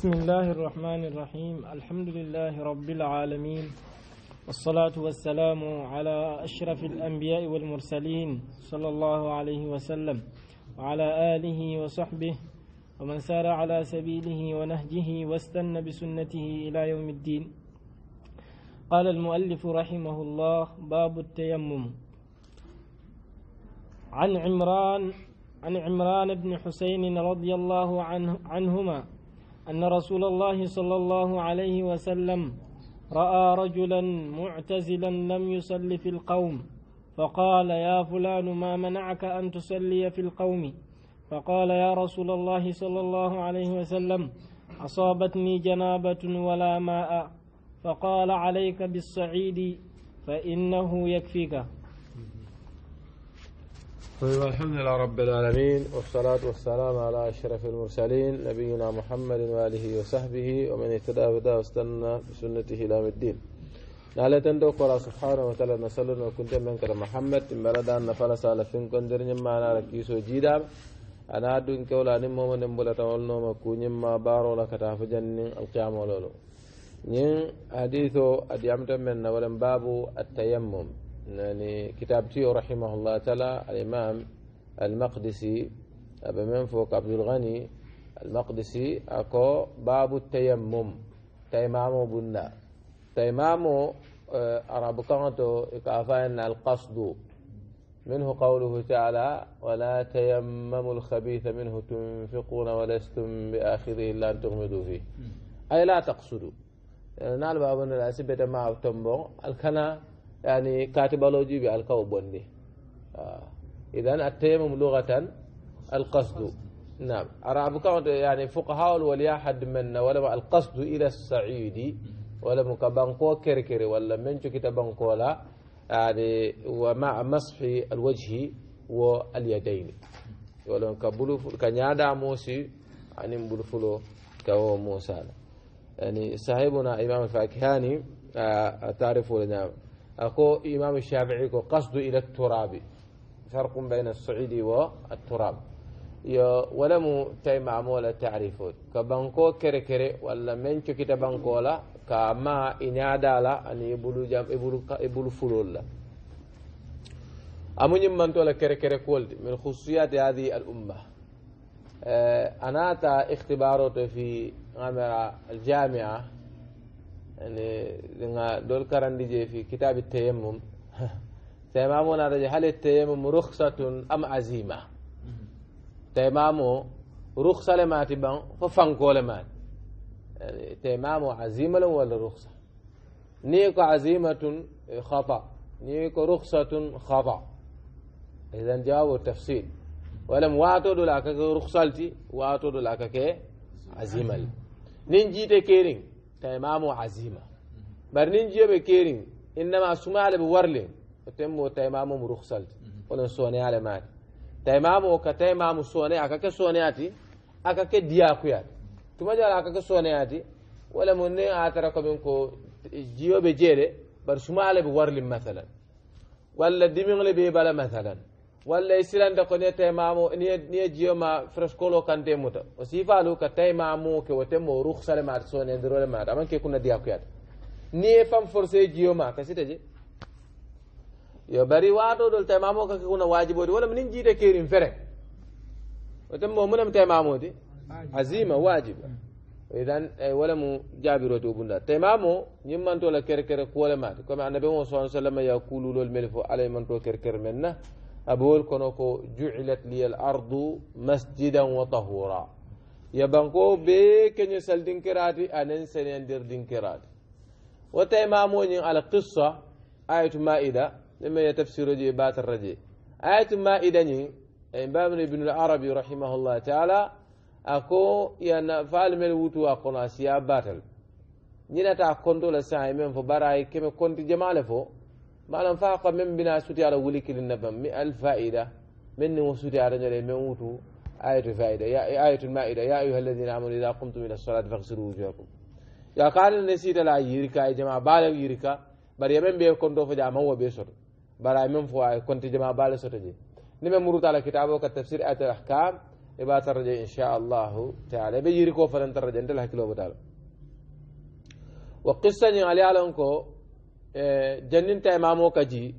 بسم الله الرحمن الرحيم الحمد لله رب العالمين والصلاة والسلام على أشرف الأنبياء والمرسلين صلى الله عليه وسلم وعلى آله وصحبه ومن سار على سبيله ونهجه واستنى بسنته إلى يوم الدين قال المؤلف رحمه الله باب التيمم عن عمران عن عمران بن حسين رضي الله عنه عنهما أن رسول الله صلى الله عليه وسلم رأى رجلا معتزلا لم يصلي في القوم فقال يا فلان ما منعك أن تصلي في القوم فقال يا رسول الله صلى الله عليه وسلم أصابتني جنابة ولا ماء فقال عليك بالصعيد فإنه يكفيك طيب الحمد لله رب العالمين والصلاة والسلام على أشرف المرسلين نبينا محمد وآله وصحبه ومن اهتدى بدا واستنى بسنته إلى الدين نالا تندو قرا سبحانه وتعالى نسأل أن كنت من كرم محمد بلدا نفلا سالفين كندر نما أنا ركيسو جيدا أنا دون كولا نمو من نمبولا تولنو مكو نما بارو لكتاف جنن القيام والولو نين حديثو أديامتم من نولن بابو التيمم كتاب تيو رحمه الله تعالى الإمام المقدسي أبو منفوق عبد الغني المقدسي أكو باب التيمم تيمامو بنا تيمامو آه، أراب كانتو إكافان القصد منه قوله تعالى ولا تيمموا الخبيث منه تنفقون ولستم بآخذه إلا أن تغمدوا فيه أي لا تقصدوا نال بابن الأسبة ما تنبو الكنا يعني كاتبالوجي بالكو بوندي آه. إذن التيمم لغة القصد نعم كون يعني فقهاء الولياء حد من ولا القصد إلى السعيد ولا مكبانكو كركري ولا منشو كتابانكو لا يعني ومع مسح الوجه واليدين ولا كبلو كنيادا موسي عن يعني بلفلو كهو موسى يعني صاحبنا إمام الفاكهاني آه، تعرفوا لنا أكو إمام الشافعي كو قصد إلى التراب فرق بين الصعيد والتراب yo walamu tay mamola tarifol ko banko kere kere walla men cokita bankola ka ma iñadala ani ibulu jam ibulu ibulu fulol la amuñim mantola kere kere kolde min khususiyati hadi al umma anata ikhtibaroto fi gamera aljamia يجب يعني إن دول كران دي في كتاب التيمم تيمامو نادي هل التيمم رخصة أم عزيمة تيمامو رخصة لما تبان ففنكو لما يعني تيمامو عزيمة ولا رخصة نيكو عزيمة خطأ نيكو رخصة خطأ إذا جاوب التفصيل ولم واتو دولاكا رخصالتي واتو دولاكا عزيمة نين جيتي كيرين تيمامو عزيمة برنين جيبه كيرين إنما سمع على بورلين تيمو تيمامو مرخصل ولن سوني على مال تيمامو كتيمامو سوني أكاك سونياتي أكاك دياكويات ثم جال أكاك سونياتي ولا من أترك منكو جيو جيري برسمع على بورلين مثلا ولا ديمين لبي مثلا walla e silanta ko niye taymamo niye jiyoma freskolo kante muta o sifalu ka taymamo ke wo temmo ruhsale mata sonedirole mata aman ke kunna diya kuyata niye fam forcé jiyoma ka sita je yo bari watoɗol taymamo kake kuna wajibode walla minin jiide kerin fere o temmo munam di azima wajiba idan wala mu jabiro to bunda taymamo ñimmantola kerkere kuwole mata comme annabi mo sallallahu sa wasallam yaqululol mel fo alay man to kerkere men na أبول كنوكو جعلت لي الأرض مسجدا وطهورا يبنكو بيك نسل دنكراتي أنن سنين سنندر دنكراتي وتيماموني على القصة آية مائدة لما يتفسير جي بات الرجي آية مائدة ني بابن ابن العربي رحمه الله تعالى أكو ين فالم الوتو أقنا سياب باتل نينا تا كنتو لسعي من فبراي كم كنت جمال فو ما لم فاق من بنا سوتي على ولي كل النبم مئة الفائدة من وسوتي على نجلي موتوا آية الفائدة يا آية المائدة يا أيها الذين آمنوا إذا قمتم إلى الصلاة فاغسلوا وجوهكم يا قال النسيت لا يركا يا جماعة بالا يركا بري من بيه كنتو فجاء ما هو بيسر بري من فوا كنت جماعة بالا سرجي نما مرت على كتابه كتفسير آية الأحكام إبا ترجع إن شاء الله تعالى بيجيركو فلن ترجع أنت لها كيلو بتاعه وقصة نعلي على أنكو janninta imamo kaji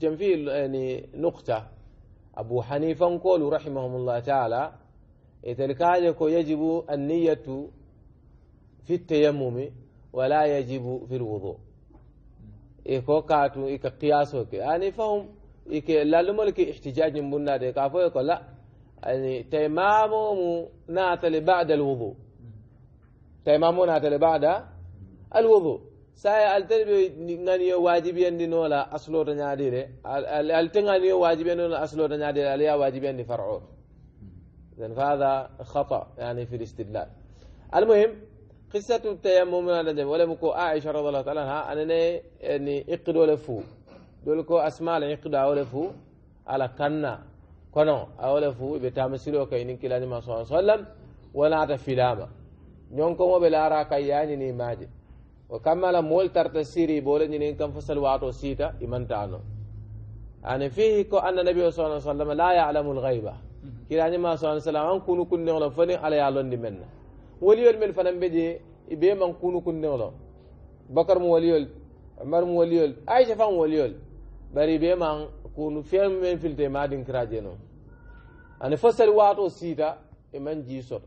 jan fi yani nukta abu hanifan kolu rahimahumullah taala italkaje ko yajibu anniyatu fi tayammumi wala yajibu fi lwudu iko katu ika qiyaso ke ani fahum ike lalumol ke ihtijajin bunnade ka fo ko la يعني تيمامه ناتل بعد الوضوء تيمامه ناتل بعد الوضوء saya altere ganiyo wajibiyandi noola asulota ñaadire alte ganiyo wajibiyandi noola asulota ñaadire alaya wajibiyandi far'o إذن فهذا خطأ يعني في الاستدلال المهم قصة التيمم هذا ولم يكن عائشة رضي الله تعالى عنها أنني يعني إقد ولفو دولكو أسماء الإقد ولفو على كنا كنا ولفو بتامسيلو كينين كلا ما صلى الله عليه وسلم ولا تفلاما نيونكو بلا راكا يعني نيماجي وكمل مول ترت سيري بولن ينين فصل واتو سيتا يمن تانو أنا يعني فيه كو أن النبي صلى الله عليه وسلم لا يعلم الغيبة كيراني ما صلى الله عليه وسلم أن كونو كن فني على يعلن دي منا ولي يرمل فنم بجي إبيم أن كونو كن نغلو بكر موليول عمر موليول عائشة فان موليول بري بيم أن كونو فيهم من فلتي ما دين كراجينو أنا يعني فصل واتو سيتا يمن جيسور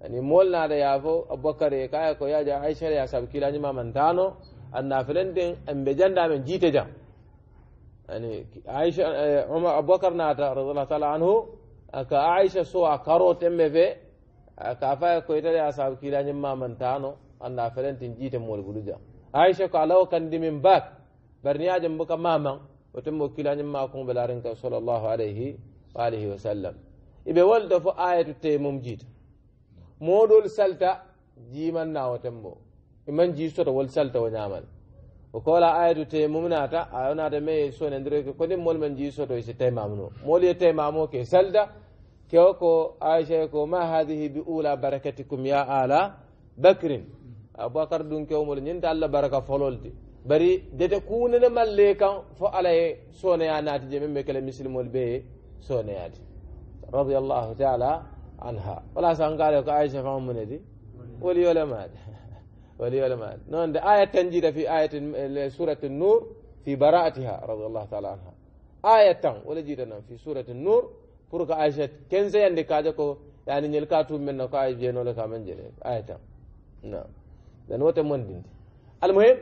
يعني مول نادا يافو أبو بكر يكايا كو يا جا عائشة يا سبكي لاني ما من تانو أن فلن دين أم بجن دا من جيت جا يعني عائشة عمر أبو بكر نادا رضي الله تعالى عنه أكا عائشة سوى كارو تم في أكافا كو يا سبكي لاني ما من تانو أن فلن دين جيت مول بلوجا عائشة كو علاو كان دي من باك برنيا جنبك ماما وتم كيلاني ما كون بلارنك صلى الله عليه وآله وسلم إبه ولد فو آية تيمم جيت moɗol salta jiman nawaten bo iman jisoto wol salta wo ñamal o kola ayatu te mum nata ayo nata me sonendireke konin mol men jisoto si taymamuno mol ye taymamo ke salta kewo ko aicha ko ma hadihi bi ula barakatikum ya ala bakrin aboubacar ɗum kewmol ñinta allah baraka fololde bari dete kunene malle kan fo ala ye soneya naati je men ɓe kele misilimol ɓe ye soneyade radiallahu taala عنها ولا سان قال لك عائشة فهم من دي ولي ولا مال ولي ولا مال نون آية تنجيد في آية سورة النور في براءتها رضي الله تعالى عنها آية تان ولا جيدنا في سورة النور برك عائشة كان زي عندك كاجكو يعني نلقاتو من نقاي جينو لك من جل آية تان نعم لأن وقت من دين المهم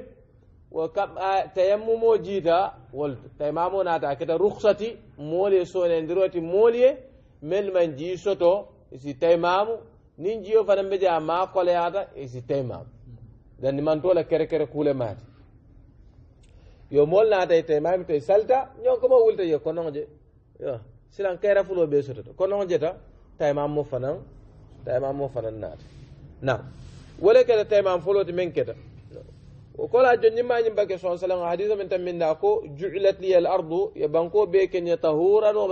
وكم تيمم جيدا ولد تيمامو ناتا كده رخصتي مولي سونين دروتي مولي من من سوتو isi taymamu nin jiyo fanan be je a ma koleyata isi taymamu dan nimantola kere kere kuule maati yo mool naata ite mami toye salta ñon koma wulta yo konon je yo silan kayra fulo ɓe sotata konon jeta taymam mo fanan taymam mo fanan naata nam wole keta taymam foloti men keta o kola jonñimmañim bake son salam hadisa men tan min da ko juilat liya l ardu yo banko ɓe keña tahuran o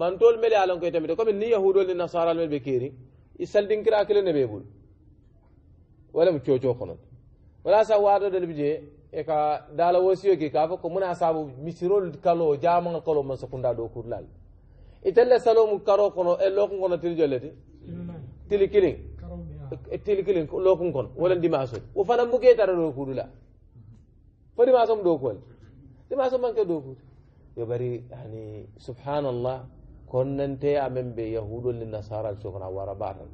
mantol mele alon koy tamit comme ni yahudol ni nasara mel be kiri isal din kira kile ne bebul wala mu coco kono wala sa wado del bije e ka dala wosiyo ki ka ko muna sabu misirol kalo jama kalo man sakunda do kurlal itelle salo mu karo kono e lokon kono til jolete til kiling til kiling lokon kono wala dimaso wo fana mbuke tara do kudula fo dimaso do kol dimaso man ke do kul yo bari yani subhanallah konnante amen ɓe yahudol ni nasaral so kono a wara batal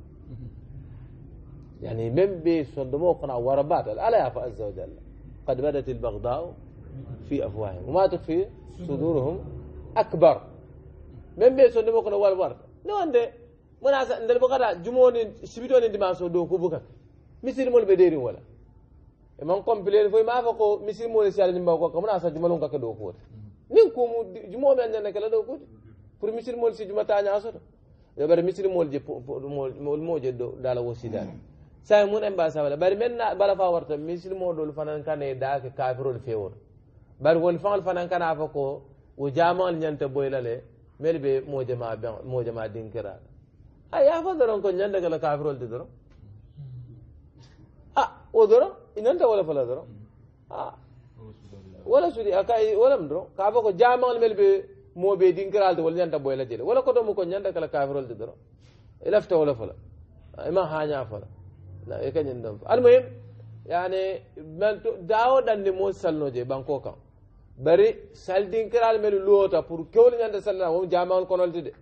يعني من بيصدموه قناع وربات على يعفى عز وجل قد بدت البغضاء في أفواههم وما تخفي صدورهم أكبر من بيصدموه قناع وربات لو أنت مناسا أنت البغضاء جمون شبيدون أنت ما صدوك وبكك مثل مول بديرين ولا من قم بلين فوي ما فقو مثل مول سيالين باوكوك مناسا جمالون كك دوكوت نين كومو جمون من أنك لا دوكوت pour misiri moolu si juma taña soto yo bari misiri moolu je moolu moo je do dala wo sidaani saye mun en mba sawala bari men na bala fa warta misiri moo dolu fanan kane daake kafirol fewoto bari woni faŋol fanan kana fo ko wo jamaŋol ñanta boyla le mel be mojama mojama dinkira a yafa doron ko ñandagala kafirol de doron a wo doron inanta wala fala doron a wala sudi aka walam doron ka fo ko jamaŋol mel be mo be dinkiralte wala ñanta boyla jele wala koto mu ko ñanta kala kafirol de doro ilafta wala fala ima haña fala la e kañen ɗon fa almuhim yani dawo ɗanni mo salnoje banko kan bari saldinkiral melu loota pour kewli ñanta salna mom jamawol konolte de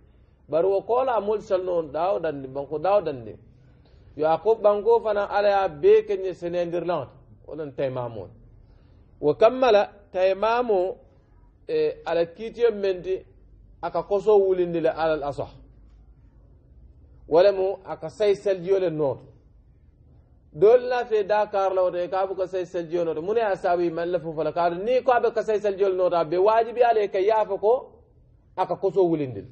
bari wo koola mol salno on dawo ɗanni banko dawo ɗanni yo a ko banko fana ala ya be keñe senedirlante wolon taymamol wo kammala taymamo ala kiitiyon menti aka koso wulindi le alal asah walemu aka say seljiyo le nooto dol na fe dakar la wote ka bu ka say seljiyo nooto mune a man la fufala kaadu ni ko abe ka say seljiyo le noota be waajibi ale ka yaafa ko aka koso wulindil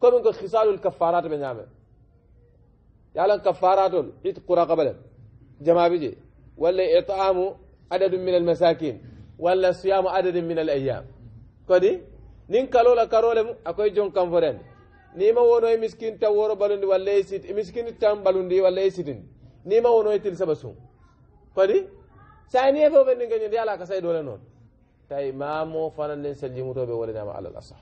komin ko khisalul kaffarat be ñaame yalan kaffaratol it qura qabale jama bi je walla itaamu adadu min almasakin ولا صيام عدد من الأيام كدي نين كالولا كارولم أكوي جون كام فرين نيما ونوي مسكين تاورو بالوندي ولا يسيد مسكين تام بالوندي ولا يسيدين نيما ونوي تلسبسون كدي سانيه فو بن نغني دي علاقه ساي دولا نون تاي مامو فنان لين سلجي موتو بي ولا نعم على الاصح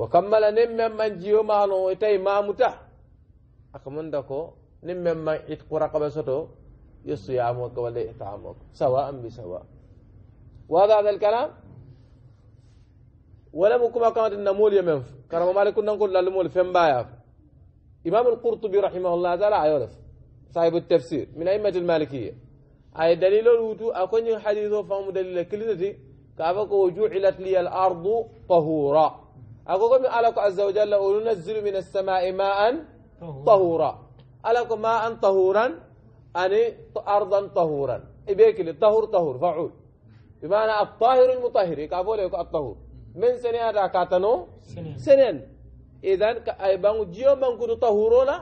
وكمل نم من من جيو مانو تاي مامو تا اكمن دكو نم من من اتقرا قبسطو يسو يامو قبل اتعامو سواء بسواء واضح هذا الكلام ولم كما كانت النمول يمنف كرم مالك نقول للمول فين بايف إمام القرطبي رحمه الله تعالى عيورس صاحب التفسير من أئمة المالكية أي دليل الوتو أكون حديثه فهم دليل كلنتي كافك وجعلت لي الأرض طهورا أقول على عز وجل وننزل من السماء ماء طهورا ألك ماء طهورا أني أرضا طهورا إبيك طهور طهور فعول بمعنى الطاهر المطهر كافو لك الطهور من سنة هذا كاتنو سنين إذن بانو جيو بانكو تطهورولا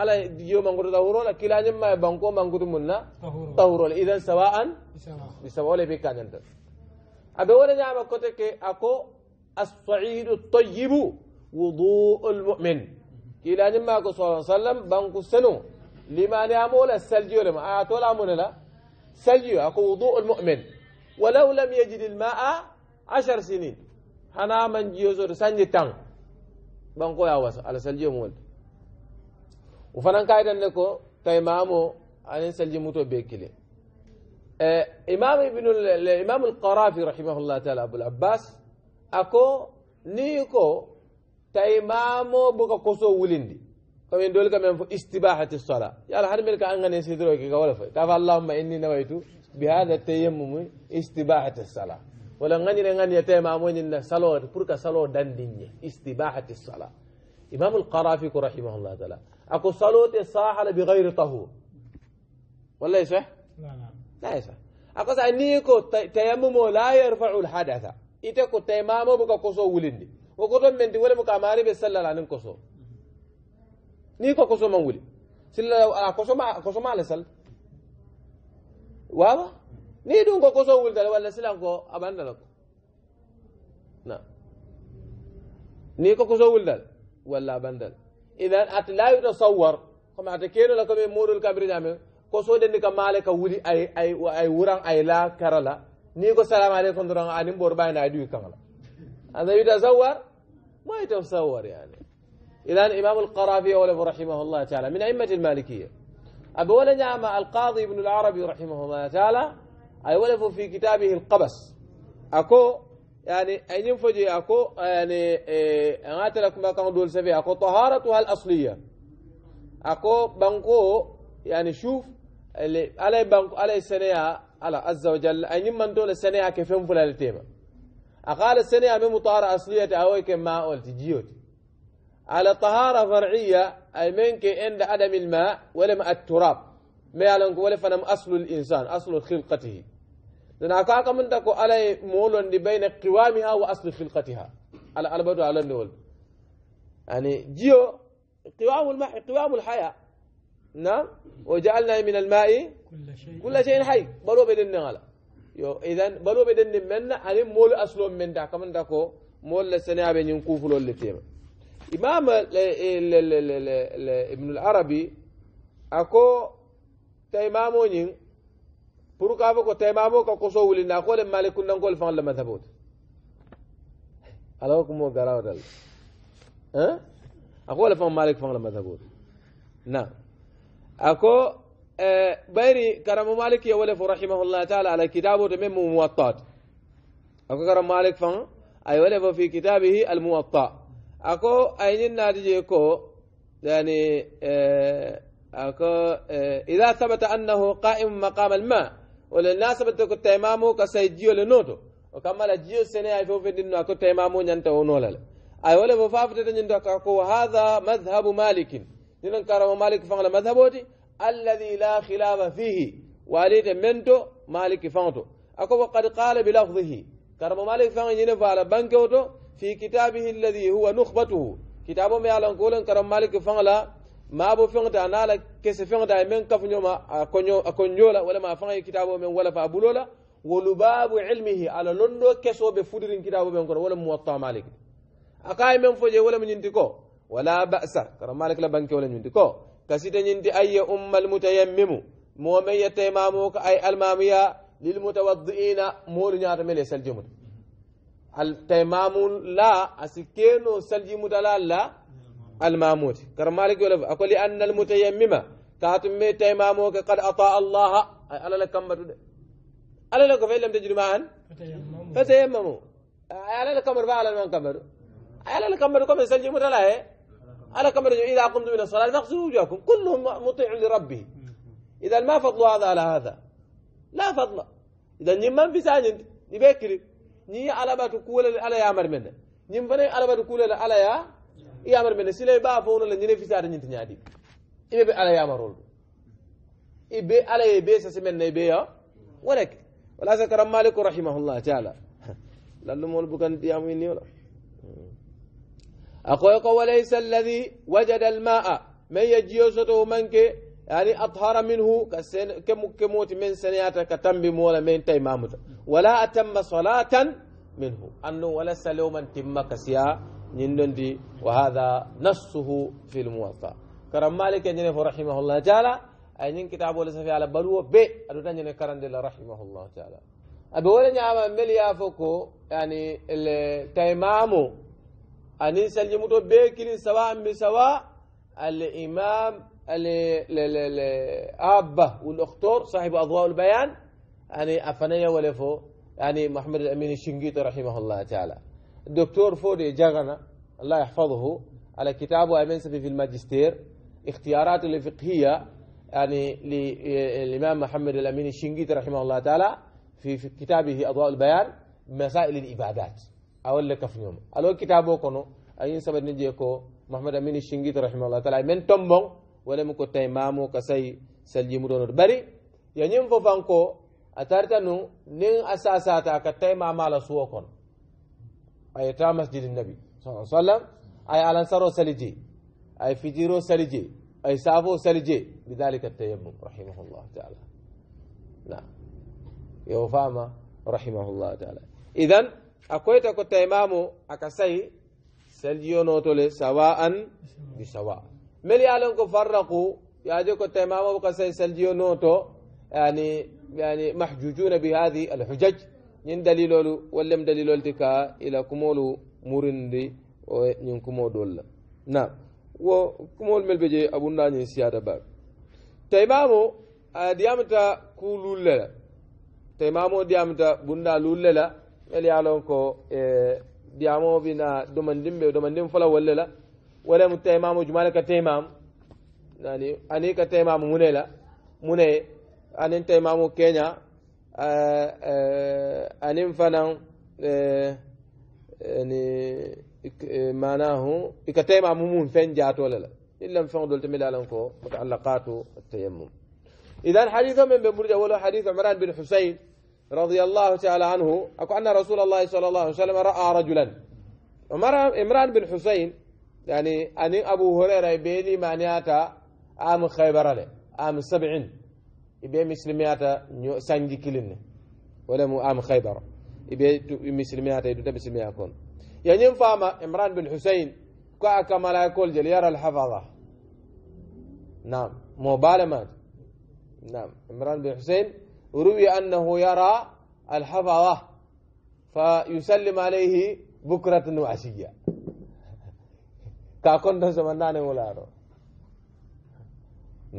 على جيو بانكو تطهورولا كلا نما بانكو بانكو تمنا تطهورولا إذن سواء بسواء بك انت أبي ولا نعم كتك أكو الصعيد الطيب وضوء المؤمن كلا نما كو صلى الله عليه وسلم بانكو سنو لما نعمو للسلجي ولما آتو لا سلجي أكو وضوء المؤمن ولو لم يجد الماء عشر سنين هنا من جيوزر سنجي تان بانكو يا واسو على سلجي مول وفنان كايدن نكو تيمامو أن سلجي موتو بيكلي إيه، إمام ابن الإمام القرافي رحمه الله تعالى أبو العباس أكو نيكو تيمامو بوكا كوسو ولندي كمين دول كمين استباحة الصلاة يا الله الحرمي لك أنغني سيدروك كولا فاي كاف اللهم إني نويتو بهذا التيمم استباحة الصلاة ولا غني غني يتيمم إن صلاة بركة صلاة دندنية استباحة الصلاة إمام القرافي رحمه الله تعالى أكو صلاة الصاحة بغير طهور ولا يصح؟ لا لا لا يصح أكو سأنيكو تيمم لا يرفع الحدث إتكو تيمم بكو كسو ولندي وكتم من دي ولم بسلا لانن كسو نيكو كسو مولي سلا آه، كسو ما كسو ما على واما نيدون كو كوسو ولدال ولا سلانكو لا نعم نيكو كوسو ولدال ولا باندل اذا ات لا يتصور كما اتكينو لكم مور الكبير نعمل كوسو دندي كمالك ولي اي اي اي وران اي لا كرلا نيكو السلام عليكم دران اني مبور باينا ديو كانلا هذا يتصور ما يتصور يعني اذا امام القرافي رحمه الله تعالى من ائمه المالكيه أبولا نعم القاضي ابن العربي رحمه الله تعالى أي ولف في كتابه القبس أكو يعني أين ينفجي أكو يعني إيه، أنا لكم بقى دول سفي أكو طهارتها الأصلية أكو بنكو يعني شوف اللي على بنكو على السنة على عز وجل أين من دول السنة كيفهم ينفل التيمة أقال السنة من مطهرة أصلية أو كما قلت جيوت على طهارة فرعية أي منك عند عدم الماء ولم التراب ما يعلم ولا فنم أصل الإنسان أصل خلقته لأن أكاك من تكو على مولون بين قوامها وأصل خلقتها على البدو على النول يعني جيو قوام الماء قوام الحياة نعم وجعلنا من الماء كل شيء كل شيء حي بلو بدن نغلا yo idan balo be den men na ani mol aslo men da kaman da ko mol la إمام ابن العربي أكو تيمامو نين بروك أبو كو تيمامو كو كسو ولي ناكو لما لكو ننقل فان لما ثبوت ألو كمو غراو دل أكو لفان مالك فان لما ثبوت نا نعم. أكو آه، بيري كرم مالك يولف رحمه الله تعالى على كتابه تمام موطات أكو كرم مالك فان أيولف في كتابه الموطات ako aynin naati je ko yani ako ida sabata annahu qaimu ma alma wala na sabata ko taimamu ka say jiyo le noto o kamala jiyo sene ay fof dinno ako taimamu nyanta o nolal ay wala fo fafatata ñinta kako wa hada madhabu malikin ninon karamo malik fangla madhaboti alladhi la khilafa fihi walid mento maliki fanto ako wa qad qala bilafdihi karamo malik fanga ñine fo ala في كتابه الذي هو نخبته كتابه ما يعلن قولا كرم مالك فنلا ما أبو فنت أنا لك كيس فنت من كف يوم أكونيو آه، أكونيولا آه، ولا ما فنت كتابه من ولا فابولولا ولباب علمه على لندو كسو بفدرين كتابه من كرم ولا موطأ مالك أقاي من فجي ولا من ينتكو ولا بأس كرم مالك لا بنك ولا ينتكو كسيتن ينتي أي أم المتيمم مومن يتيماموك أي المامية للمتوضئين مور نيار ملي سلجمت هل التمام لا أسكينو سلجي مدلا لا الماموت كرمالك يقول أقول أن المتيمم كاتم تيمامو قد أطاع الله ألا لكم ألا لك فإن لم تجد معهن فتيممو ألا لكم رفع على من كمر ألا لكم كم سلجي مدلا ألا كمر إذا قمتم من الصلاة فاقصوا وجوهكم كلهم مطيع لربه إذا ما فضل هذا على هذا لا فضل إذا نمان بسانين يبكري ni alabatu kuulele ala ya marmende ñim fana alabatu kuulele ala ya ya marmende sila ba fo no ñine fisata ñinti ñaadi ibe be ala ya marol ibe ala ye be sa semen ne be ya warek wala sa karam malik rahimahullah taala lallu mol bukan diamu ni wala أقولك وليس الذي وجد الماء من يجيوسته منك يعني أطهر منه كم كموت من سنيات كتم بمولا من تيمامت ولا أتم صلاة منه أنه ولس لوما تم كسيا نندي وهذا نصه في الموطأ كرم مالك ينف رحمه الله تعالى أي نين كتاب ولس في على بلو ب أدونا نين كرم دل رحمه الله تعالى ولن يعمل مليا فوكو يعني التيمامو أنين سلمتو بكين سواء بسواء الإمام الأب والأختور صاحب أضواء البيان يعني أفنية ولفو يعني محمد الأمين الشنقيطي رحمه الله تعالى الدكتور فودي جغنا الله يحفظه على كتابه أمنسفي في الماجستير اختيارات الفقهية يعني للإمام محمد الأمين الشنقيطي رحمه الله تعالى في, كتابه أضواء البيان مسائل الإبادات أول لك في يوم ألو كتابه كنو أين سبب نجيكو محمد أمين الشنقيطي رحمه الله تعالى من تنبون ولا مكو تيمامو كسي سلجي مدونر بري يعني فانكو a tarita nu nin a sasata ka tay mamala suwo kono aye ta masjidi nabi sa sallam ay alansaro sali je aye fijiro sali je aye safo sali je tayammum rahimahullah taala na yo fama rahimahullah taala idan akoyta ko taymamu aka sayi saljiyonotole sawa'an bi sawa meli yalon ko farraku yaje ko taymamo ka sayi saljiyonoto يعني يعني محجوجون بهذه الحجج ين دليلول ولم دليلول تكا إلى كمول مرندي وين كمول دول نعم وكمول ملبجي أبو ناني سيادة باب تيمامو آه، ديامتا كولول للا تيمامو ديامتا بوندا لول لا اللي علونكو آه، ديامو بنا دومندين بي ديم فلا ولا لا ولا متيمامو جمالك تيمام يعني اني تيمام مونيلا مونيه anin ta imamu kenya anin fanan ni manahu ikata imamu mun fen jato lala illa fen dol tamila lan ko mutallaqatu at-tayammum idan haditha min bin burja wala hadith imran bin husayn رضي الله تعالى عنه أكو أن رسول الله صلى الله عليه وسلم رأى رجلا عمران بن حسين يعني اني أبو هريرة بيني معناتا ام خيبر له ام سبعين ibe misilmiyata sanji kilinne wala mu am khaybar ibe tu du idu simiya kon ya yañin fama imran bin husayn ko aka malaikol jel yara alhafada nam mo balemati nam imran bin husayn روي أنه يرى الحفظة فيسلم عليه بكرة وعشية كاكون دون سمنان ولا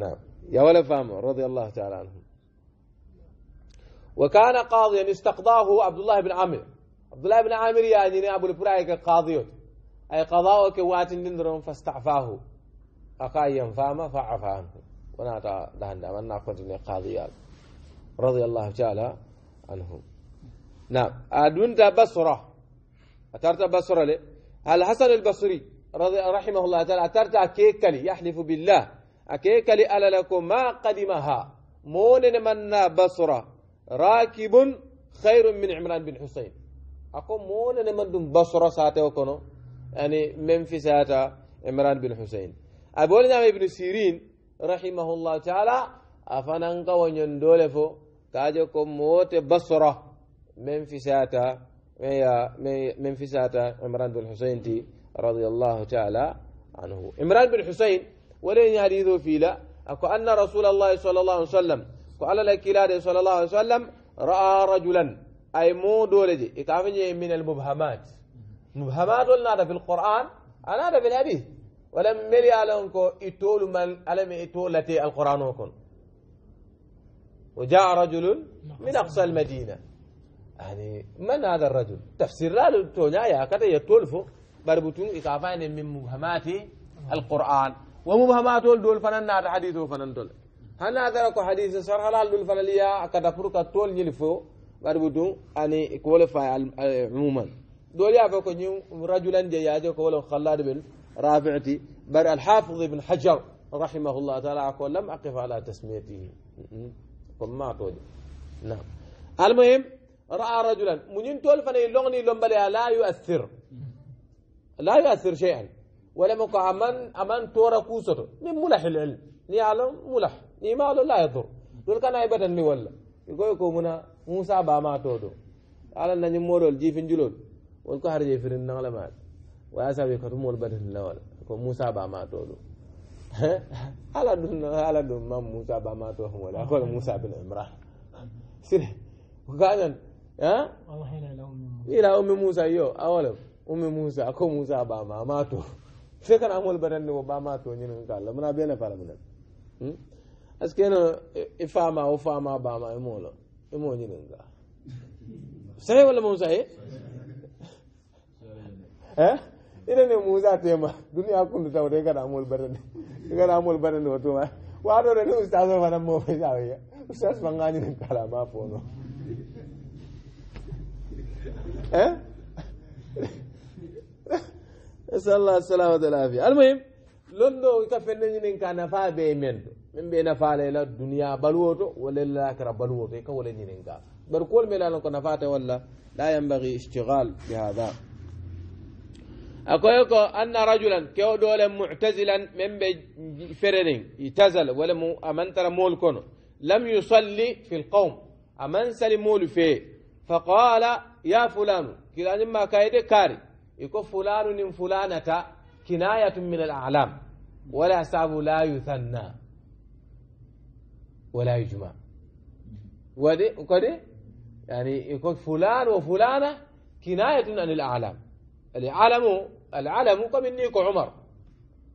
نعم يا ولا فامو رضي الله تعالى عنه وكان قاضيا استقضاه عبد الله بن عامر عبد الله بن عامر يعني ابو البرايك قاضي اي قضاءك واتن النذر فاستعفاه اقايا فاما فعفى عنه وانا دهنا وانا كنت قاضيا رضي الله تعالى عنه نعم ادون بصره اترت بصره لي الحسن البصري رضي رحمه الله تعالى اترت كيكلي يحلف بالله أكيك لأللكم ما قدمها مون منا بصرة راكب خير من عمران بن حسين أقوم مون من دون بصرة ساته وكنو يعني من في ساته عمران بن حسين أبو نعم ابن سيرين رحمه الله تعالى أفنانك ونندولفو كاجكم موت بصرة من في ساته من في ساته عمران بن حسين رضي الله تعالى عنه عمران بن حسين ولين يريدوا فيلا أكو أن رسول الله صلى الله عليه وسلم قال لك صلى الله عليه وسلم رأى رجلا أي مو دولجي إكافني من المبهمات مبهمات ولا هذا في القرآن أنا هذا في الحديث ولم ملي أنكو إتول من ألم إتولتي القرآن وكن وجاء رجل من أقصى المدينة يعني من هذا الرجل تفسير لا تونيا يا كذا يتولفو بربطون إكافاني من مبهمات القرآن ومبهمات دول فنان نات حديثه فنان دول هنا ذرك حديث سر حلال دول فنليا كدا فرقة تول نيلفو بربدو اني كواليفاي عموما دول يا فوكو نيو رجلا جي ياجو كول خلاد بن رافعتي بر الحافظ ابن حجر رحمه الله تعالى اقول لم اقف على تسميته وما تول نعم المهم راى رجلا من تول فني لغني لمبلي لا يؤثر لا يؤثر شيئا ولم يكن أمن أمن تورا كوسوتو ني ملح العلم ني نيعلم ملح ني نيماله لا يضر دول كان عيبة ني ولا يقول لكم هنا موسى باما تودو قال على أن نمور الجيف جلول ولكو هرجي في النغلة مات وأسابي كتمول بدن لا ولا موسى باما تودو على دون على دون ما موسى باما تودو ولا أقول موسى بن عمران سير وكان ها والله إلى أم موسى إلى أم موسى يو أولم أم موسى أكو موسى باما ماتو فكر أمول برند وباما تونين قال لمنا بينا فعلا من أسكينو إفاما وفاما باما إمولو إمونين قال صحيح ولا مو صحيح؟ ها؟ إذا نموزا تيما دنيا كنت تاوري كان أمول برند كان أمول برند وتوما وأنا رنو أستاذ فانا مو بيساوي أستاذ فانغاني نقال ما فونو ها؟ نسأل الله السلامة والعافية المهم لندو يكفن نين كان نفا بي من من بي نفا لا الدنيا بلوتو ولا الآخرة بلوتو ولا نين كان بركول ملان كنا فاته ولا لا ينبغي اشتغال بهذا أكويكو أن رجلا كيو دولا معتزلا من بفرنين يتزل ولا مو أمن ترى مول كونو لم يصلي في القوم أمن مول فيه فقال يا فلان كلا ما كايد كاري يكون فلان من فلانة كناية من الأعلام ولا ساب لا يثنى ولا يجمع ودي وكده يعني يكون فلان وفلانة كناية عن الأعلام العلم العلم كم نيكو عمر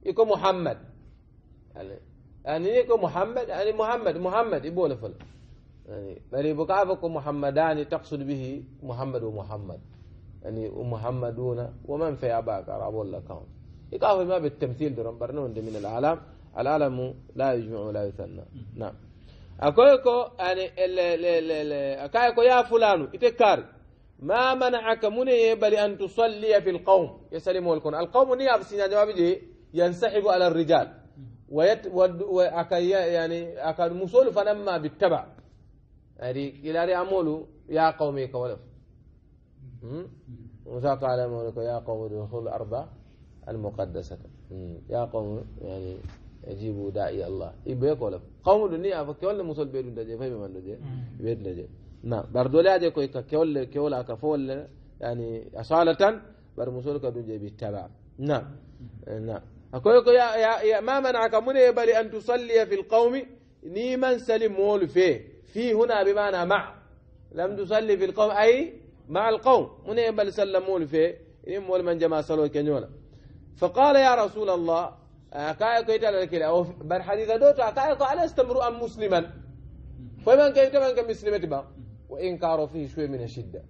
يكون محمد يعني نيكو يعني محمد يعني محمد محمد يبول فل يعني بل يبقى محمدان تقصد به محمد ومحمد يعني ومحمدون ومن في أباك عرب ولا كون يقاوي ما بالتمثيل درم برنون من العالم العالم لا يجمع ولا يثنى نعم أكويكو يعني أكايكو يا فلان إتكاري ما منعك مني يبل أن تصلي في القوم يسلموا لكم القوم ني أفسنا جواب دي ينسحب على الرجال ويت ود يعني أكا مسول فلما بالتبع اري يعني إلى أمولو يا قومي كولف موسى قال مولك يا قوم ادخلوا الأرض المقدسة يا قوم يعني يجيبوا داعي الله يبقى إيه يقول قوم دنيا فكيول موسى بيدو دجي فاي بمن دجي بيد دجي نعم بردولا دي كوي كيول كيولا كفول يعني أصالة بر موسى كدنجي بالتبع نعم نعم أقول يا, يا, يا ما منعك من يبري أن تصلي في القوم نيمن سلم مول في في هنا بمعنى مع لم تصلي في القوم أي مع القوم من يبل سلموا في ولا من جما سلوا كنيولا فقال يا رسول الله أكاي آه، على لكلا أو بر حديث دوت أكاي آه، قال استمروا أم مسلما فمن كيتا من كمسلمة تبا وإن كاروا فيه شوي من الشدة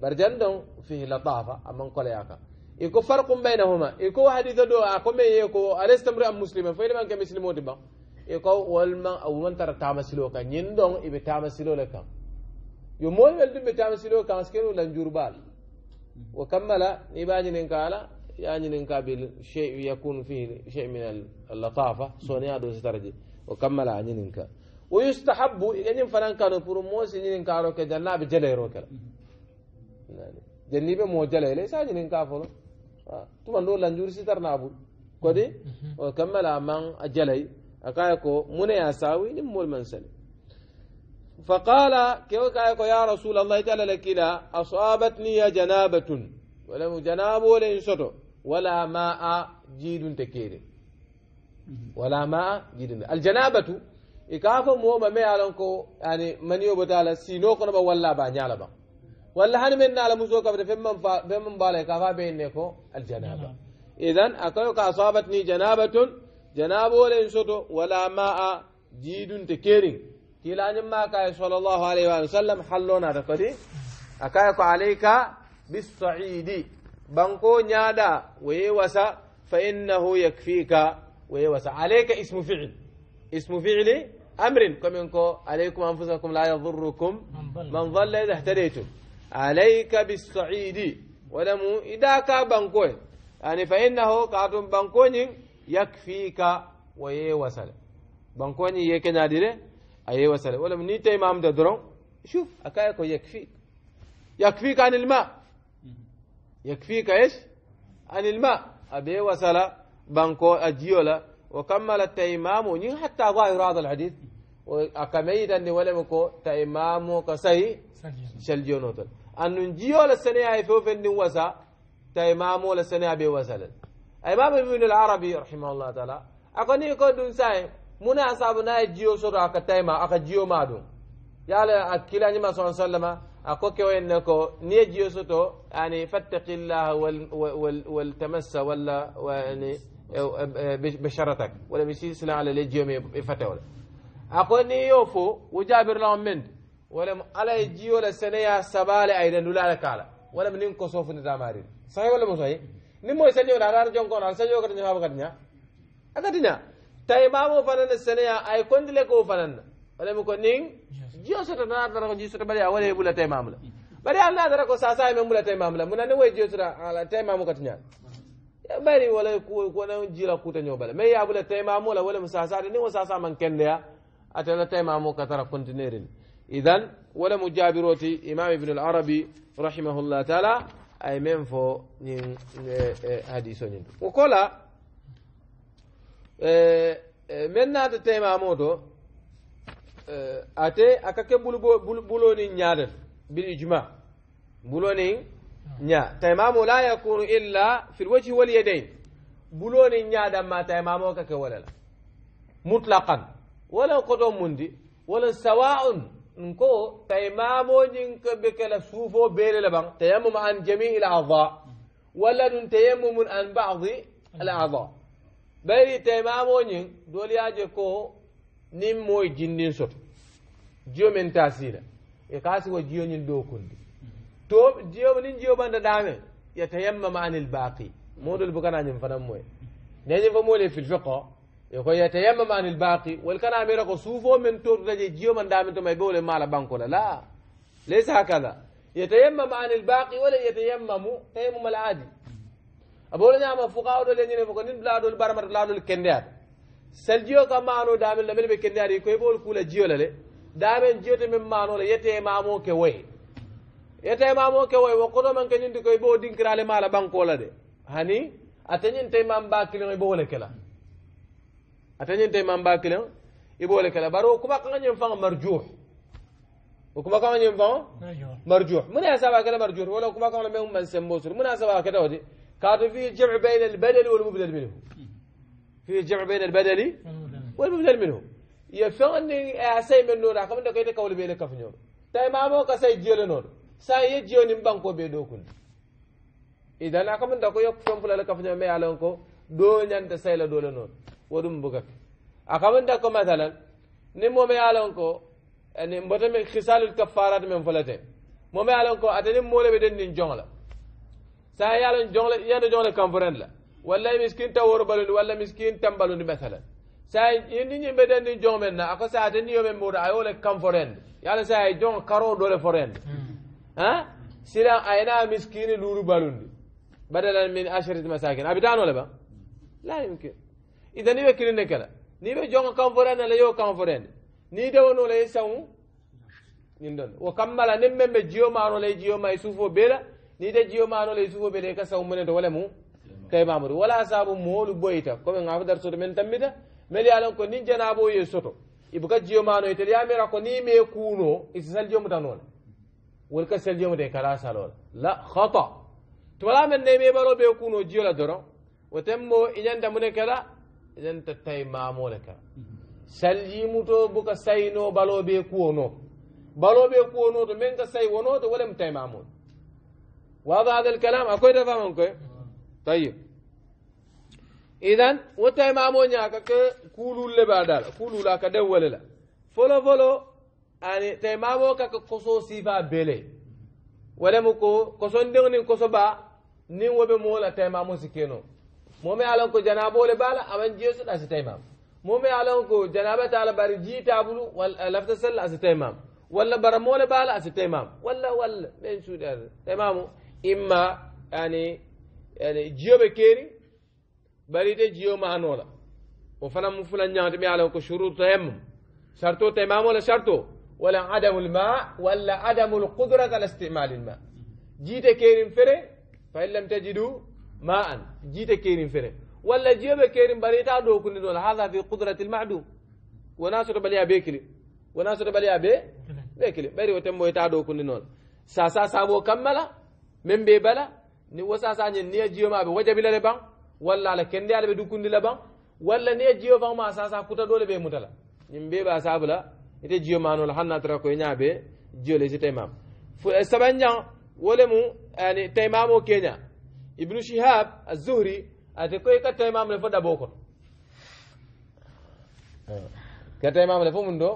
برجندهم فيه لطافة أما قال ياك يكو فرق بينهما يكو حديث دو أكو آه، مي يكو الاستمروا أم مسلما كان مسلم تبا يكو والما أو من ترى تعمسلوك نين دون إبتعمسلو لك يومول ملدم بتعمل سلو كاسكيرو لنجوربال وكمل نيباني نكالا يعني نكابل شيء يكون فيه شيء من اللطافة سونيا دوس ترجي وكمل يعني نكا ويستحب يعني فلان كانوا بروموس يعني نكارو كجنا بجليرو كلا جنبه مو جليرو ليس يعني نكافلو تمن دو لنجور سيتر نابو كودي وكمل أمان أجلي أكايكو من يساوي نمول منسلي فقال كيف كايك يا رسول الله تعالى لك لا أصابتني جنابة ولا جناب ولا إنسطو ولا ماء جيد تكيري ولا ماء جيد الجنابة إكافة موما مي ألنكو يعني من يوبو تعالى سينوكو نبا ولا با نيالا با ولا هن من نالا مزوكا بدا فمم فمم بالا إكافة بينكو الجنابة إذن أكوك أصابتني جنابة جناب ولا إنسطو ولا ماء جيد تكيري تيلان ما كاي صلى الله عليه وسلم حلونا ركدي أكايك عليك بالصعيد بانكو نادا ويوسا فإنه يكفيك ويوسا عليك اسم فعل اسم فعل أمر كم عليكم أنفسكم لا يضركم من ظل إذا اهتديتم عليك بالصعيد ولم إذا بانكو يعني فإنه كاتم بانكو يكفيك ويوسا بانكو يكنا ديري أي أيوة وسلم ولا من نيته إمام درون شوف أكايك يكفي يكفيك عن الماء يكفيك إيش عن الماء أبي وسلا بانكو أجيولا وكمل التيمام ني حتى ظاهر هذا الحديث وأكميد ولا مكو تيمام كسي شلجونوتل أن نجيولا سنه أي فوف أن وسا تيمام ولا سنه أبي وسلا الإمام ابن العربي رحمه الله تعالى أقني كو دون ساي muna asabu na ye jiyo soto aka tayma aka jiyo ma ɗum yala a kilañima sa sallama a ko kewoyen ne ko ni ye jiyo soto yani fattaqi llah waltamassa walla yani bisharatak walla mi sislan ala le jiyo mi e fate wala a ko ni yo fo wo jabirlaon mende walla mo ala ye jiyo la seneya sabale ayden dulala kala walla mi nin kosofunitamarin sahi walla mo sahi ni moy sañoɗa aɗa ara jonkono aɗa saño kata ñafaɓa kata ña a katiña taymamo fanana seneya ay kondile ko fananna walemu ko nin jiyo soto tana tara ko jii soto bari a wala ye bula taymamu la bari alla tara ko sasa ye men bula taymamu la munani wo ye jiyo sota ala taymamu kati ñaal bari wala kona jira kuta ñoo bala mais ya bula taymamu la walemu sasade ni wo sasa man kendeya atala taymamu ka tara continuerin idan walemu jabiroti imam ibnu alarabi rahimahullah taala ay men fo ñin hadiso ñin wo kola من هذا تيم أمودو أتى أكاك بلو بلوني بالإجماع بلوني نا تيم أمو لا يكون إلا في الوجه واليدين بلوني نادا ما تيم أمو كاك ولا مطلقا ولا قدوم مندي ولا سواء نكو تيم أمو نك بكلا سوفو بيل لبان تيمم عن جميع الأعضاء ولا نتيمم عن بعض الأعضاء bayri taymamoñin doliyaje ko nin moye jinnin soto jiyo men tasila e kasi wo jiyoñin dow kundi to jiyo nin jiyo banda dame yatayammama anil baqi moɗol bukanañin fanan moye neñin fo moole fil fiqa ko yatayammam an ilbaqi wol kana mira ko suufo men totutaje jiyo man damin to may ɓe wole maala bankola la laysa hakada yatayammam an ilbaqi wala yatayammamu tayammum al adi أبولنا ما نعم فقاؤه دل ينيني فكنين بلا دل بارم بلا دل كنديات سلجيو كمانو دامين لمن بكنديات يكوي بول كولا جيو للي دامين جيو تمن مانو ليتي مامو كوي يتي مامو كوي وقولوا من كنين دكوي بول دين كرال ما على بنك ولا ده هني أتنين تي مام باكلين يبول كلا أتنين تي مام باكلين يبول كلا بارو كم أكان ينفع مرجو وكما كان ينفع مرجو من هذا بقى كلا مرجو ولا كم أكان لمن من سموسر من هذا بقى كده ودي كان فيه الجمع بين البدل والمبدل منه فيه الجمع بين البدل والمبدل منه يفعني أسي من نور أكمل لك يدك أول بيلك في نور تايما ما كسي جيل نور ساي جيل نبانكو بيدو كل إذا لا كمن دكوا يكفون فلا لك في نور ما يعلمكو دون لا سايلا دول نور ودم بكك أكمل دكوا مثلا نمو ما يعلمكو أن مبتم خسال الكفارات من فلته مو ما يعلمكو أتني مولى بدن نجوم له sa yalon jongle yano jongle kamforen la walla miskin ta woro baluni walla miskin tambaluni mathalan sa indi ñimɓe den ni jong men na ako sa teni yomen muɗa ayole kamforende yala sa ay jong karo dole forende ha silan ayna miskini luru balundi badalan min asharat masakin abitanole ba la yumkin ida ni ɓe kirinde kela ni ɓe jonga kamforende la yo kamforende ni dewonola ye sawu ñin ɗon wo kammala nin men ɓe jiyo marola ye jiyo ma e suufo beela ni de jiyo maano le sufo bele ka sawu mene to wala mu kay mamuru wala sabu moolu boyita ko men ngafu dar soto men tammita mel yalan ko nin janabo ye soto ibuka jiyo maano itel ya mira ko ni me kuno isi sal jomu tanol wol ka sel jomu de kala salol la khata to wala men ne me baro be kuno jiyo la doron wotemmo iñanta mune kala iñanta tay mamole kala salji muto buka sayno baloɓe kuwono baloɓe kuwono to min ka say wono to wolem tay mamole واضح هذا الكلام اكو اذا فهمك طيب اذا وتا مامونيا كك قولوا له بعد قولوا لا كدول لا فلو فلو ان يعني تي مامو كك كوسو سيفا بيلي ولا مكو كوسون دين كوسو با نين وبي مولا تي مامو سكينو مومي علانكو جنابو له بالا امن جيسو داس تي مام مومي علانكو جنابه تعالى بري جي تابلو ولا لفت سل اس تي مام ولا برمول بالا اس تي مام ولا ولا بين شو دار تي مامو إما يعني يعني جيو بكيري بريد جيو ما نولا وفنا مفلان يعني تبي على كشروط تهم شرطه تمام ولا شرطه ولا عدم الماء ولا عدم القدرة على استعمال الماء جيت كيرين فري فإن لم تجدوا ماء جيت كيرين فري ولا جيب كيرين بريتا دو كن دول هذا في قدرة المعدوم وناس ربلي بيكلي وناس ربلي بيكلي بيري وتمو يتا كن دول ساسا سابو كملا من بيبلا نوساسا ني جيو ما وجب لا لبان ولا لا كندي على بدكون لبان ولا ني جيو فما اساسا كوتا دول بي مودلا نيم بيبا سابلا ite jiyo mano la hanna tara ko nyaabe jiyo le sitay mam fu sabanya wole mu ani taymamo kenya ibnu shihab az-zuhri ate koy ka taymam le foda boko ka taymam le fomun do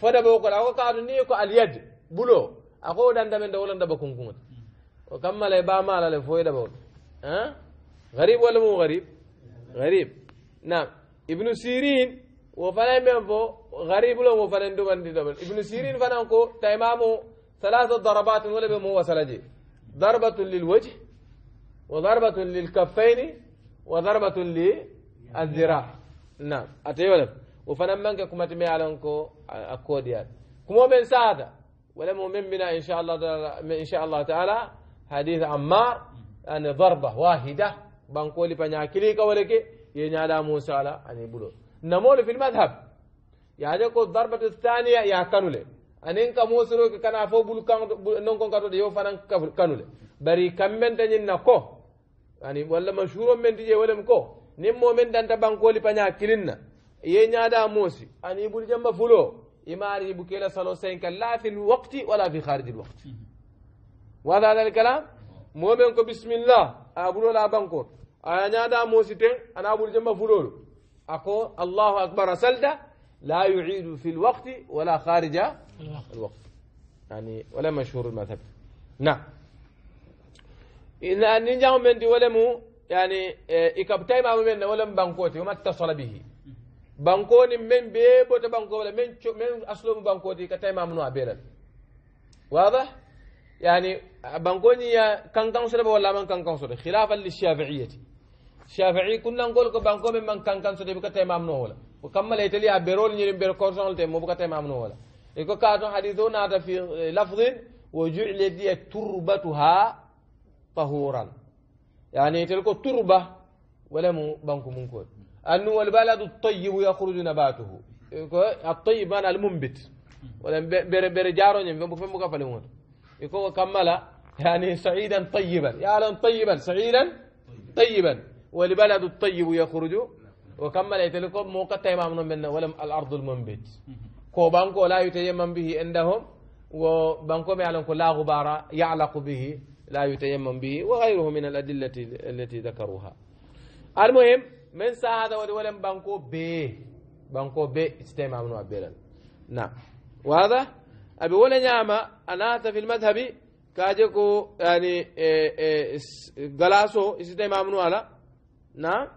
foda boko la ko kaadu ni ko al yad bulo ako dan damen do wala ndaba kunkumut لا يبا على لفوي دبول ها غريب ولا مو غريب غريب نعم ابن سيرين وفلان من فو غريب لو وفلان دوبان دي دبل ابن سيرين فنانكو تيمامو ثلاثة ضربات ولا بمو وسلجي ضربة للوجه وضربة للكفين وضربة للذراع نعم أتي ولا وفنان منك كما تمي علنكو أكوديات كمو من ساعة ولا مؤمن بنا إن شاء الله إن شاء الله تعالى حديث عمار أن ضربة واحدة بانكولي بنياكلي كولك ينالا موسى على أن يبلو نمول في المذهب يعني كو ضربة الثانية يا كانولي موسى لو كان فو بلو كان نون نونكون كاتو ديو فنان كانولي بري كم من تنين نكو يعني ولا مشهور من تيجي ولا مكو نمو من دانتا بانكولي بنياكلنا ينالا موسى أن يبلو جنب فلو إماري بكيلا صلو سينك لا في الوقت ولا في خارج الوقت واضح هذا الكلام مو مؤمن بسم الله أبولو لا بانكور أنا دا موسيتين أنا أبول جنب فلولو اكو الله أكبر سلدا لا يعيد في الوقت ولا خارج الوقت يعني ولا مشهور المذهب نعم إن نجاهم من دي ولمو يعني إيه، إكابتاي ما من ولم بانكوتي وما اتصل به بانكوني من بيبو بانكو ولا من من أصله بانكوتي كتاي ما منو واضح يعني بانكوني كان كان سرب ولا من كان كان سرب خلافا للشافعية الشافعي كنا نقول بانكو من من كان كان سرب بكتة ولا وكم وكمل يتلي أبيرول نيرم بيركورسون تيم بكتة إمام ولا يكو كاتون حديثون هذا في لفظ وجعل دي تربتها طهورا يعني تلك التربة ولا مو بانكو منكود أنه والبلد الطيب يخرج نباته الطيب أنا المنبت ولا بر بر جارون يم بفهم كفلمون يكو كملا يعني سعيدا طيبا يعلم طيبا سعيدا طيبا ولبلد الطيب يخرج ليت لكم موقع تيمام من ولم الأرض المنبت كو بانكو لا يتيمم به عندهم وبانكو يعلم لا غبار يعلق به لا يتيمم به وغيره من الأدلة التي ذكروها المهم من ساعة ولم بانكو بي بانكو بي استيمام نعم وهذا أبي ولا نعم أنا في المذهب كاجكو يعني غلاسو إيه إيه إذا ما منو نعم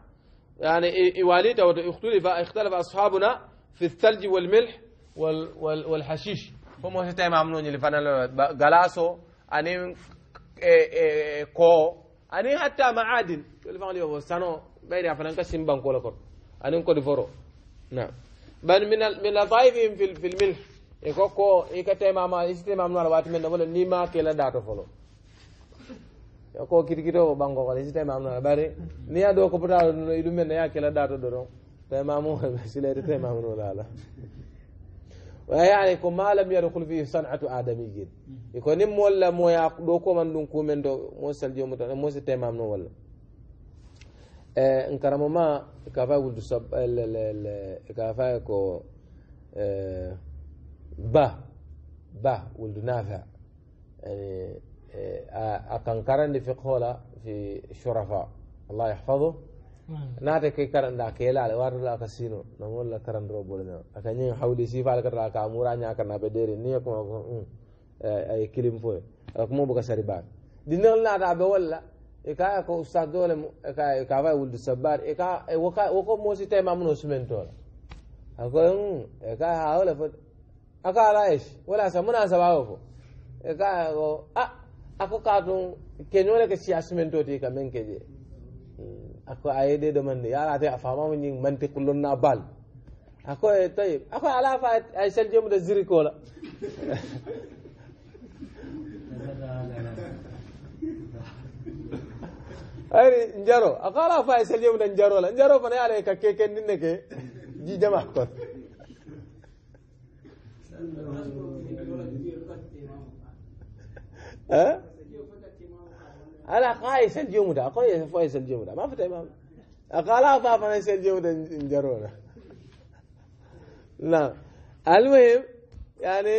يعني إواليد أو اختلف اختلف أصحابنا في الثلج والملح وال وال والحشيش فما هتاي مامنون اللي يعني، فانا غلاسو أني إيه، إيه، إيه، كو أني حتى معادن اللي فانا اليوم سانو بيري فانا كسيم بانكولا كور أني كو دفورو نعم بل من من لطائفهم في الملح e kokko i e ka temama isi e temam nuala waati men wala ni ma kela dato folo yo e ko kirikito o banko kola isi temam nuala bari ni ya do ko pota no idu men ya kela dato doron temamu silete temamu nuala ala wa yani ko ma lam yadkhul fihi sanatu adamiyyin iko nim walla moya ɗo koman ɗum kumen do mo sal jomuta mo si temam no walla en karamo ma ka fa wuldu sab ka fa ko ب ب ولد نافع يعني أكن في قولة في شرفاء الله يحفظه ناتي كي كرن دا كيلا وارد لا كسينو نقول لا كرن روبو لنا أكن ين حولي سيفا لكرا كامورا نيا كرن بديري نيا كم أي كلم فوي كم بقى سريبان دينغل نادا بولا إكا أكو أستاذ دول إكا إكا فاي ولد سبار إكا وكا وكو موسي تيما سمنتور أكو إكا هاولا فوت akala ish wala sa muna sababu ko ka go a ako ka tun kenyo le ke si asmento ti ka men keje ako ayede do man yara te afama mun yin mantiqulun na bal ako e tayyib ako ala fa ay sel jom de ziri ko la ayri njaro ako ala fa ay sel jom de njaro la njaro fa ne ala ka keken dinne ke ji jama ko ها؟ أنا قايس الجملة قايس فايس الجملة ما فتح إمام قال بابا ليس الجملة نجرونا نعم المهم يعني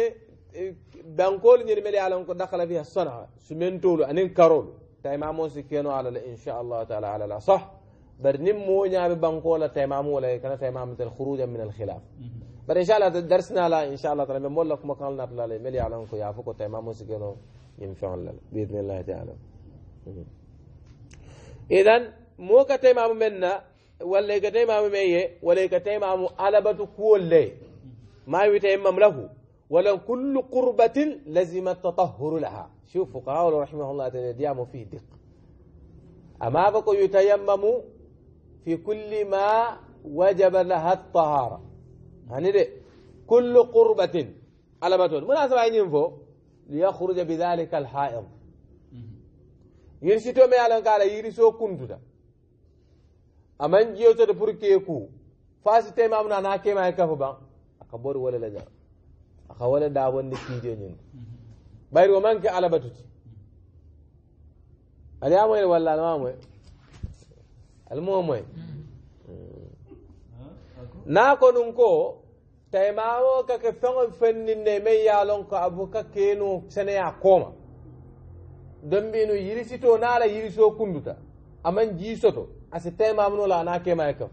بنقول ملي على أنكم دخل فيها الصنعة سمنتولو أنين كارولو تيمامو سكينو على إن شاء الله تعالى على الأصح برنمو نعم بنقول تيمامو لكن تيمام مثل خروجا من الخلاف بر ان شاء الله درس نالا ان شاء الله ترمي مولك مكان نطلع لي ملي علم كو يافو كو تيما موسيقينو ينفعون لل باذن الله تعالى اذا مو كتيما منا ولا كتيما ميه ولا كتيما مو علبه كول ما يتيمم له ولو كل قربة لزم التطهر لها شوف قال رحمه الله تعالى ديام في دق أما بقوا يتيمموا في كل ما وجب لها الطهاره هني دي كل قربة على باتون مناسبة ينين فو ليخرج بذلك الحائض يرسيتو مي على قال يرسو كنتو aman jiyoto da furke ku fasi tema amna na ke mai kafa ba aka bar wala laja aka wala da wanda ki je nyin bayr wa manka ala batuti ali amo el walla no amo al mo mo na ko nun ko taymamo kake feŋo fenninne men ye lon ko abuka kenu seneya kooma dombinu yirisito na ala yiriso kunduta aman jiisoto asi taymamunola ana kemaye kam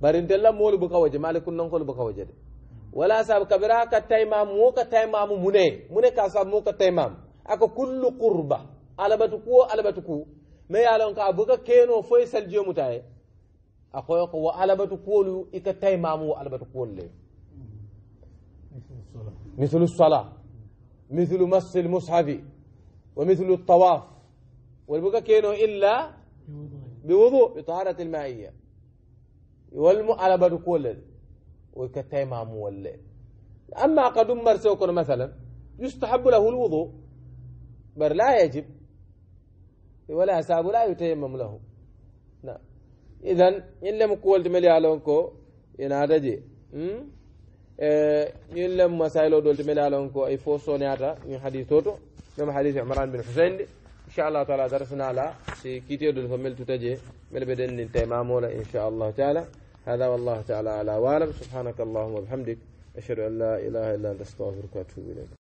bari ntella moolu buka waje maali kunnankolu buka waje de wala sabu kabira ka taymamu wo ka taymamu mune mune ka sabu mo ka taymamu ako kullu qurba alabatu kuwo alabatu ku me ye lon ko abuka keno foye saljiyo mutaye akoyo ko wa alabatu kuwolu i ka tayi maamu wo alabatu kuwolu le mithlu sala mithlu masi lmushafi wa كينو إلا بوضوء بطهارة المائية والمو على بدكول وكتاي مامول أما قد أمر مرسوكر مثلا يستحب له الوضوء بل لا يجب ولا حساب لا يتيمم له نعم إذن إن لم قولت ملي على أنكو إن هذا جي هم إيه إن لم مسائل دولت ملي على أنكو أي فوسوني هذا من حديث توتو من حديث عمران بن حسين دي. إن شاء الله تعالى درسنا على سي كيتي دول فملت تجي مل بدن ننتهي مامولا إن شاء الله تعالى هذا والله تعالى على وعلم سبحانك اللهم وبحمدك أشهد أن لا إله إلا أنت أستغفرك وأتوب إليك